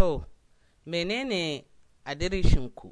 To, menene adireshinku?